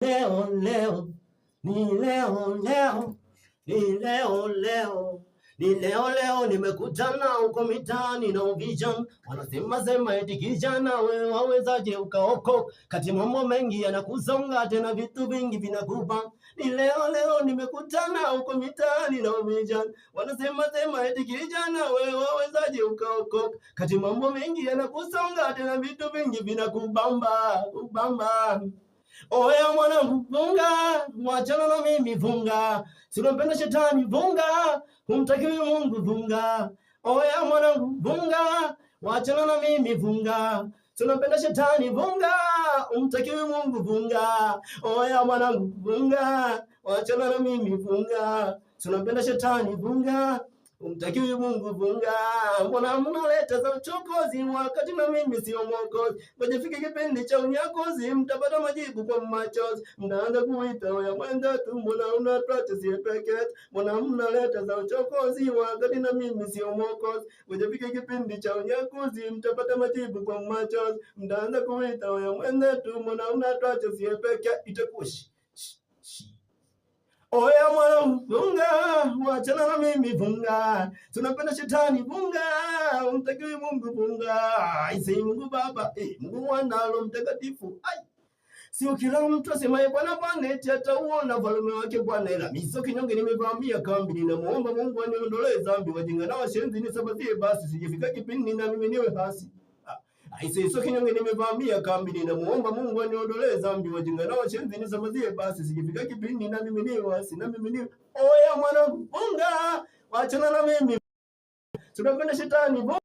leo, leo, ni leo, leo, ni leo, leo ni leo leo nimekutana huko mitaani na vijana wanasema sema eti kijana wewe wawezaje ukaoko kati mambo mengi yanakusonga tena vitu vingi vinakupa ni leo leo nimekutana huko mitaani na vijana wanasema sema eti kijana wewe wawezaje ukaoko kati mambo mengi yanakusonga tena vitu vingi vinakubamba kubamba Oya mwanangu, vunga, mwachana na mimi, vunga. Sinampenda shetani, vunga. Humtakiwi Mungu, vunga. Oya mwanangu, vunga, mwachana na mimi, vunga. sinampenda shetani vunga, umtakiwe Mungu vunga. Oya mwanangu vunga, wachana na mimi vunga. Tunampenda shetani vunga. Umtakiwi Mungu funga, mbona mnaleta za uchokozi wakati na mimi sio mwokozi? Majifike kipindi cha unyakozi, mtapata majibu kwa machozi. Mnaanza kuita ya mwenzetu, mbona una tuatisiepeket? Mbona mnaleta za uchokozi wakati na mimi sio mwokozi? Majifike kipindi cha unyakozi, mtapata majibu kwa machozi. Mtaanza kuita ya mwenzetu, mbona una tuatisiepeket? Itakuwa shi shi oya mwana mfunga Chana na mimi funga, tunapenda shetani funga, umtakiwi Mungu funga. Isi Mungu Baba, eh, Mungu Mwana, Roho Mtakatifu. Ai. Sio kila mtu asemaye Bwana Bwana eti atauona falume wake Bwana, ila mimi sio kinyonge, nimevamia kambi, ninamuomba Mungu aniondolee dhambi, wajinga na washenzi nisabatie, basi sijifika kipindi na mimi niwe hasi Aiseso kinyonge nimevamia kambi, ninamuomba Mungu aniondolee dhambi, wajinga nao chenzi nisamazie. Basi sikifika kipindi na mimi wasi na mimi ni oya, mwana funga, wachana na mimi tunapenda shetani.